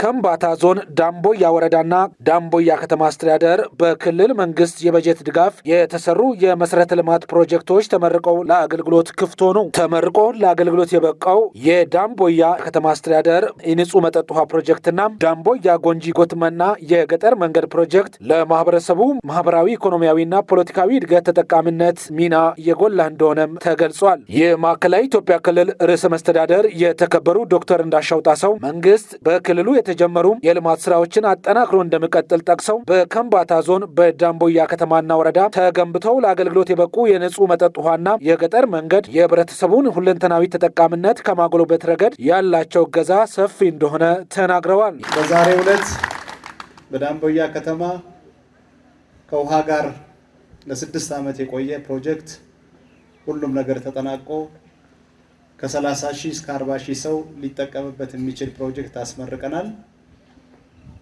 በከምባታ ዞን ዳምቦያ ወረዳና ዳምቦያ ከተማ አስተዳደር በክልል መንግስት የበጀት ድጋፍ የተሰሩ የመሰረተ ልማት ፕሮጀክቶች ተመርቀው ለአገልግሎት ክፍት ሆኑ። ተመርቆ ለአገልግሎት የበቃው የዳምቦያ ከተማ አስተዳደር የንጹህ መጠጥ ውሃ ፕሮጀክትና ዳምቦያ ጎንጂ ጎትመና የገጠር መንገድ ፕሮጀክት ለማህበረሰቡ ማህበራዊ፣ ኢኮኖሚያዊና ፖለቲካዊ እድገት ተጠቃሚነት ሚና የጎላ እንደሆነም ተገልጿል። የማዕከላዊ ኢትዮጵያ ክልል ርዕሰ መስተዳደር የተከበሩ ዶክተር እንዳሻው ጣሰው መንግስት በክልሉ የተጀመሩ የልማት ስራዎችን አጠናክሮ እንደሚቀጥል ጠቅሰው በከምባታ ዞን በዳምቦያ ከተማና ወረዳ ተገንብተው ለአገልግሎት የበቁ የንጹህ መጠጥ ውሃና የገጠር መንገድ የህብረተሰቡን ሁለንተናዊ ተጠቃሚነት ከማጎልበት ረገድ ያላቸው እገዛ ሰፊ እንደሆነ ተናግረዋል። በዛሬው ዕለት በዳምቦያ ከተማ ከውሃ ጋር ለስድስት ዓመት የቆየ ፕሮጀክት ሁሉም ነገር ተጠናቆ ከ30 ሺህ እስከ 40 ሺህ ሰው ሊጠቀምበት የሚችል ፕሮጀክት አስመርቀናል።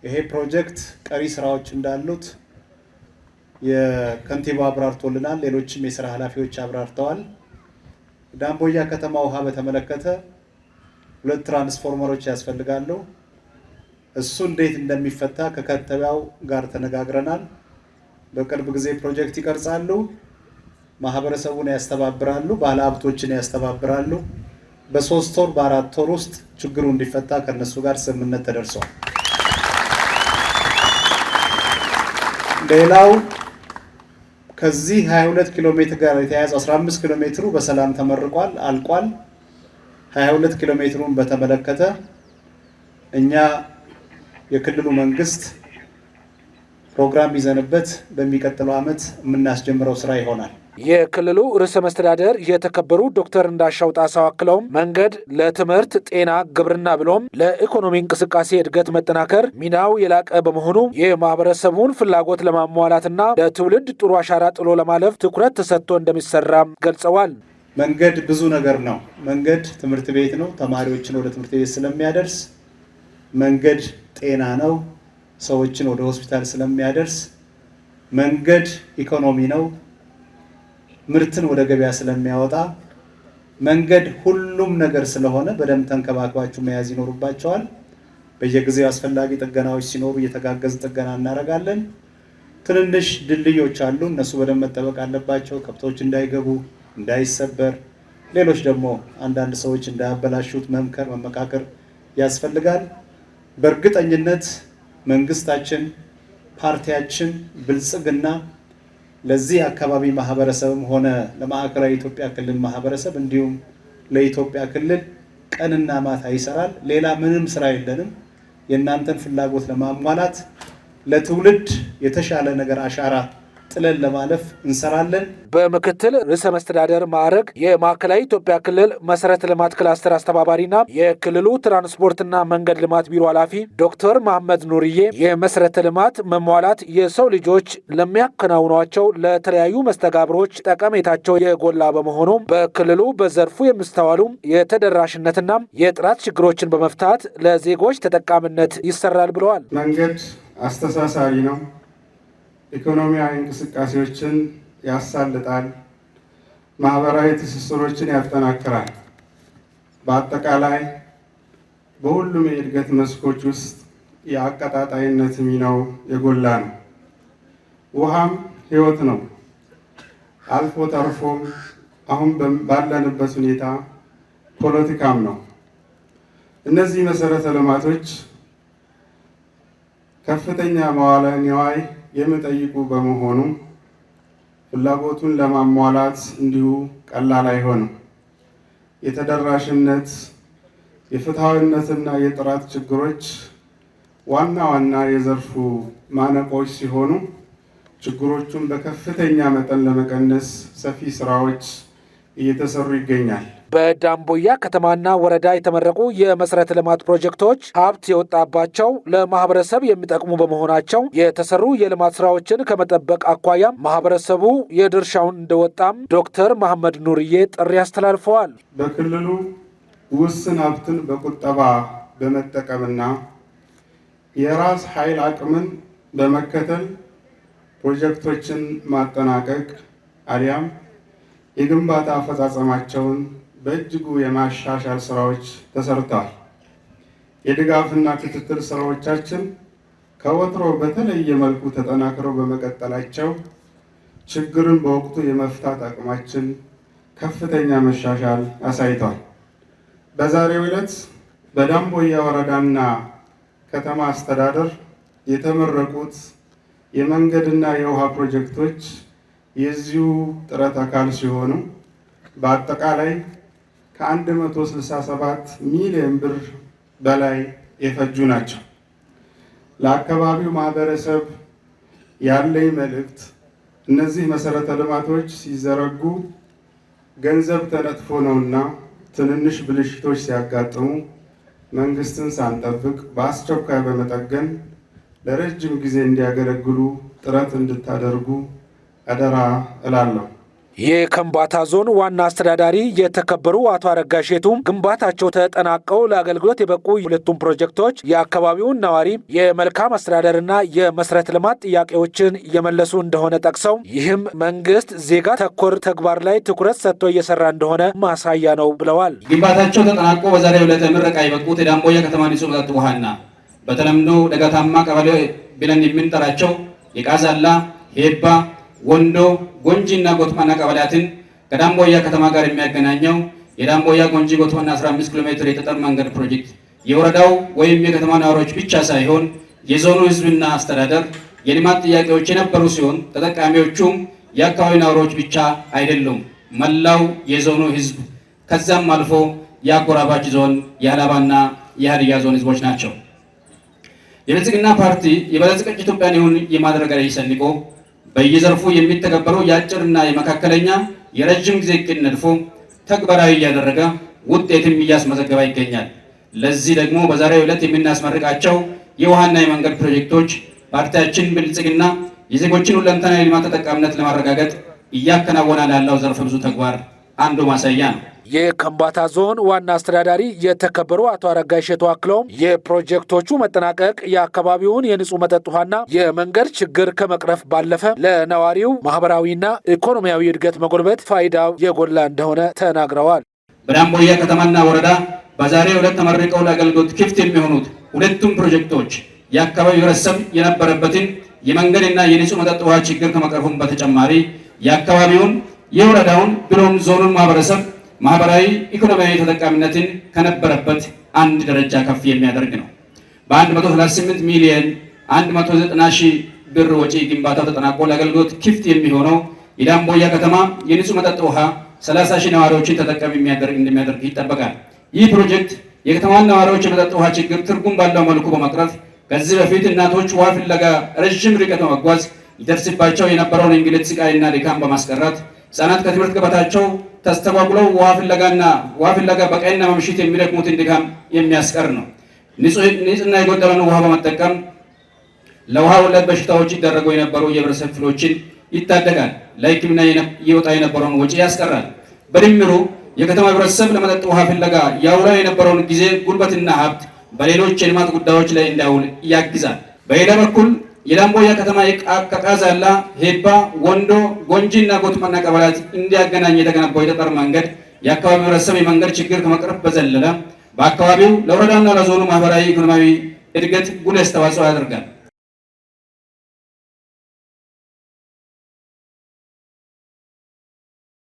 ይሄ ፕሮጀክት ቀሪ ስራዎች እንዳሉት የከንቲባ አብራርቶልናል። ሌሎችም የስራ ኃላፊዎች አብራርተዋል። ዳንቦያ ከተማ ውሃ በተመለከተ ሁለት ትራንስፎርመሮች ያስፈልጋሉ። እሱ እንዴት እንደሚፈታ ከከተማው ጋር ተነጋግረናል። በቅርብ ጊዜ ፕሮጀክት ይቀርጻሉ። ማህበረሰቡን ያስተባብራሉ፣ ባለሀብቶችን ያስተባብራሉ። በሶስት ወር በአራት ወር ውስጥ ችግሩ እንዲፈታ ከነሱ ጋር ስምምነት ተደርሷል። ሌላው ከዚህ 22 ኪሎ ሜትር ጋር የተያያዘ 15 ኪሎ ሜትሩ በሰላም ተመርቋል፣ አልቋል። 22 ኪሎ ሜትሩን በተመለከተ እኛ የክልሉ መንግስት ፕሮግራም ይዘንበት በሚቀጥለው ዓመት የምናስጀምረው ስራ ይሆናል። የክልሉ ርዕሰ መስተዳደር የተከበሩ ዶክተር እንዳሻው ጣሳው አክለውም መንገድ ለትምህርት፣ ጤና፣ ግብርና ብሎም ለኢኮኖሚ እንቅስቃሴ እድገት መጠናከር ሚናው የላቀ በመሆኑ የማህበረሰቡን ፍላጎት ለማሟላትና ለትውልድ ጥሩ አሻራ ጥሎ ለማለፍ ትኩረት ተሰጥቶ እንደሚሰራም ገልጸዋል። መንገድ ብዙ ነገር ነው። መንገድ ትምህርት ቤት ነው፣ ተማሪዎችን ወደ ትምህርት ቤት ስለሚያደርስ። መንገድ ጤና ነው፣ ሰዎችን ወደ ሆስፒታል ስለሚያደርስ። መንገድ ኢኮኖሚ ነው ምርትን ወደ ገበያ ስለሚያወጣ መንገድ ሁሉም ነገር ስለሆነ በደንብ ተንከባክባችሁ መያዝ ይኖርባቸዋል። በየጊዜው አስፈላጊ ጥገናዎች ሲኖሩ እየተጋገዝ ጥገና እናደርጋለን። ትንንሽ ድልድዮች አሉ። እነሱ በደንብ መጠበቅ አለባቸው፣ ከብቶች እንዳይገቡ፣ እንዳይሰበር፣ ሌሎች ደግሞ አንዳንድ ሰዎች እንዳያበላሹት መምከር፣ መመካከር ያስፈልጋል። በእርግጠኝነት መንግስታችን፣ ፓርቲያችን ብልጽግና ለዚህ አካባቢ ማህበረሰብም ሆነ ለማዕከላዊ ኢትዮጵያ ክልል ማህበረሰብ እንዲሁም ለኢትዮጵያ ክልል ቀንና ማታ ይሰራል። ሌላ ምንም ስራ የለንም። የእናንተን ፍላጎት ለማሟላት ለትውልድ የተሻለ ነገር አሻራ ጥለን ለማለፍ እንሰራለን። በምክትል ርዕሰ መስተዳደር ማዕረግ የማዕከላዊ ኢትዮጵያ ክልል መሰረተ ልማት ክላስተር አስተባባሪና የክልሉ ትራንስፖርትና መንገድ ልማት ቢሮ ኃላፊ ዶክተር መሐመድ ኑርዬ የመሰረተ ልማት መሟላት የሰው ልጆች ለሚያከናውኗቸው ለተለያዩ መስተጋብሮች ጠቀሜታቸው የጎላ በመሆኑ በክልሉ በዘርፉ የሚስተዋሉ የተደራሽነትና የጥራት ችግሮችን በመፍታት ለዜጎች ተጠቃሚነት ይሰራል ብለዋል። መንገድ አስተሳሳሪ ነው። ኢኮኖሚያዊ እንቅስቃሴዎችን ያሳልጣል፣ ማህበራዊ ትስስሮችን ያጠናክራል። በአጠቃላይ በሁሉም የእድገት መስኮች ውስጥ የአቀጣጣይነት ሚናው የጎላ ነው። ውሃም ሕይወት ነው። አልፎ ተርፎም አሁን ባለንበት ሁኔታ ፖለቲካም ነው። እነዚህ መሰረተ ልማቶች ከፍተኛ መዋለ ንዋይ የሚጠይቁ በመሆኑ ፍላጎቱን ለማሟላት እንዲሁ ቀላል አይሆንም። የተደራሽነት የፍትሐዊነትና የጥራት ችግሮች ዋና ዋና የዘርፉ ማነቆች ሲሆኑ ችግሮቹን በከፍተኛ መጠን ለመቀነስ ሰፊ ስራዎች እየተሰሩ ይገኛል። በዳምቦያ ከተማና ወረዳ የተመረቁ የመሰረተ ልማት ፕሮጀክቶች ሀብት የወጣባቸው ለማህበረሰብ የሚጠቅሙ በመሆናቸው የተሰሩ የልማት ስራዎችን ከመጠበቅ አኳያም ማህበረሰቡ የድርሻውን እንደወጣም ዶክተር መሐመድ ኑርዬ ጥሪ አስተላልፈዋል። በክልሉ ውስን ሀብትን በቁጠባ በመጠቀምና የራስ ኃይል አቅምን በመከተል ፕሮጀክቶችን ማጠናቀቅ አሊያም የግንባታ አፈጻጸማቸውን በእጅጉ የማሻሻል ስራዎች ተሰርተዋል። የድጋፍና ክትትል ስራዎቻችን ከወትሮ በተለየ መልኩ ተጠናክረው በመቀጠላቸው ችግርን በወቅቱ የመፍታት አቅማችን ከፍተኛ መሻሻል አሳይቷል። በዛሬው ዕለት በዳምቦያ ወረዳና ከተማ አስተዳደር የተመረቁት የመንገድና የውሃ ፕሮጀክቶች የዚሁ ጥረት አካል ሲሆኑ በአጠቃላይ ከ167 ሚሊዮን ብር በላይ የፈጁ ናቸው። ለአካባቢው ማህበረሰብ ያለኝ መልእክት እነዚህ መሰረተ ልማቶች ሲዘረጉ ገንዘብ ተነጥፎ ነውና ትንንሽ ብልሽቶች ሲያጋጥሙ መንግስትን ሳንጠብቅ በአስቸኳይ በመጠገን ለረጅም ጊዜ እንዲያገለግሉ ጥረት እንድታደርጉ አደራ እላለሁ። የከምባታ ዞን ዋና አስተዳዳሪ የተከበሩ አቶ አረጋ ሼቱ ግንባታቸው ተጠናቀው ለአገልግሎት የበቁ ሁለቱም ፕሮጀክቶች የአካባቢውን ነዋሪ የመልካም አስተዳደርና የመሰረተ ልማት ጥያቄዎችን እየመለሱ እንደሆነ ጠቅሰው ይህም መንግስት ዜጋ ተኮር ተግባር ላይ ትኩረት ሰጥቶ እየሰራ እንደሆነ ማሳያ ነው ብለዋል። ግንባታቸው ተጠናቆ በዛሬ ዕለት ምረቃ የበቁት የዳንቦያ ከተማ ንጹህ መጠጥ ውሃና በተለምዶ ደጋታማ ቀበሌ ብለን የምንጠራቸው የቃዛላ ሄባ ወንዶ ጎንጂና ጎትማና ቀበሌያትን ከዳምቦያ ከተማ ጋር የሚያገናኘው የዳምቦያ ጎንጂ ጎትማና 15 ኪሎ ሜትር የጠጠር መንገድ ፕሮጀክት የወረዳው ወይም የከተማ ነዋሪዎች ብቻ ሳይሆን የዞኑ ህዝብና አስተዳደር የልማት ጥያቄዎች የነበሩ ሲሆን ተጠቃሚዎቹም የአካባቢ ነዋሪዎች ብቻ አይደሉም፣ መላው የዞኑ ህዝብ ከዛም አልፎ የአጎራባች ዞን የአላባና የሀዲያ ዞን ህዝቦች ናቸው። የብልጽግና ፓርቲ የበለጸገች ኢትዮጵያን ይሁን የማድረግ ላይ ሰንቆ በየዘርፉ የሚተገበሩ የአጭርና የመካከለኛ የረዥም ጊዜ እቅድ ነድፎ ተግባራዊ እያደረገ ውጤትም እያስመዘገበ ይገኛል። ለዚህ ደግሞ በዛሬው ዕለት የምናስመርቃቸው የውሃና የመንገድ ፕሮጀክቶች ፓርቲያችን ብልጽግና የዜጎችን ሁለንተናዊ ልማት ተጠቃሚነት ለማረጋገጥ እያከናወነ ላለው ዘርፈ ብዙ ተግባር አንዱ ማሳያ ነው። የከምባታ ዞን ዋና አስተዳዳሪ የተከበሩ አቶ አረጋይ ሼቱ አክለውም የፕሮጀክቶቹ መጠናቀቅ የአካባቢውን የንጹህ መጠጥ ውሃና የመንገድ ችግር ከመቅረፍ ባለፈ ለነዋሪው ማህበራዊና ኢኮኖሚያዊ እድገት መጎልበት ፋይዳው የጎላ እንደሆነ ተናግረዋል። በዳንቦያ ከተማና ወረዳ በዛሬ ሁለት ተመርቀው ለአገልግሎት ክፍት የሚሆኑት ሁለቱም ፕሮጀክቶች የአካባቢው ህብረተሰብ የነበረበትን የመንገድና የንጹህ መጠጥ ውሃ ችግር ከመቅረፉም በተጨማሪ የአካባቢውን የወረዳውን ብሎም ዞኑን ማህበረሰብ ማህበራዊ፣ ኢኮኖሚያዊ ተጠቃሚነትን ከነበረበት አንድ ደረጃ ከፍ የሚያደርግ ነው። በ138 ሚሊዮን 190 ሺህ ብር ወጪ ግንባታው ተጠናቆ ለአገልግሎት ክፍት የሚሆነው የዳምቦያ ከተማ የንጹህ መጠጥ ውሃ 30 ሺህ ነዋሪዎችን ተጠቃሚ እንደሚያደርግ ይጠበቃል። ይህ ፕሮጀክት የከተማን ነዋሪዎች የመጠጥ ውሃ ችግር ትርጉም ባለው መልኩ በመቅረፍ ከዚህ በፊት እናቶች ውሃ ፍለጋ ረዥም ርቀት በመጓዝ ሊደርስባቸው የነበረውን እንግልት፣ ስቃይና ድካም በማስቀረት ህጻናት ከትምህርት ገበታቸው ተስተጓጉለው ውሃ ፍለጋና ውሃ ፍለጋ በቀንና በምሽት የሚደክሙትን ድካም የሚያስቀር ነው። ንጽህና የጎደለውን ውሃ በመጠቀም ለውሃ ወለድ በሽታዎች ይደረጉ የነበሩ የህብረተሰብ ክፍሎችን ይታደጋል። ለህክምና የወጣ የነበረውን ወጪ ያስቀራል። በድምሩ የከተማ ህብረተሰብ ለመጠጥ ውሃ ፍለጋ ያውለው የነበረውን ጊዜ፣ ጉልበትና ሀብት በሌሎች የልማት ጉዳዮች ላይ እንዲያውል ያግዛል። በሌላ በኩል የላምቦያ ከተማ ከቃዛላ፣ ሄባ፣ ወንዶ፣ ጎንጂና እና ቀበላት እንዲያገናኝ የተገነባው የጠጠር መንገድ የአካባቢው ህብረተሰብ የመንገድ ችግር ከመቅረፍ በዘለለ በአካባቢው ለወረዳና ለዞኑ ማህበራዊ ኢኮኖሚያዊ እድገት ጉልህ አስተዋጽኦ ያደርጋል።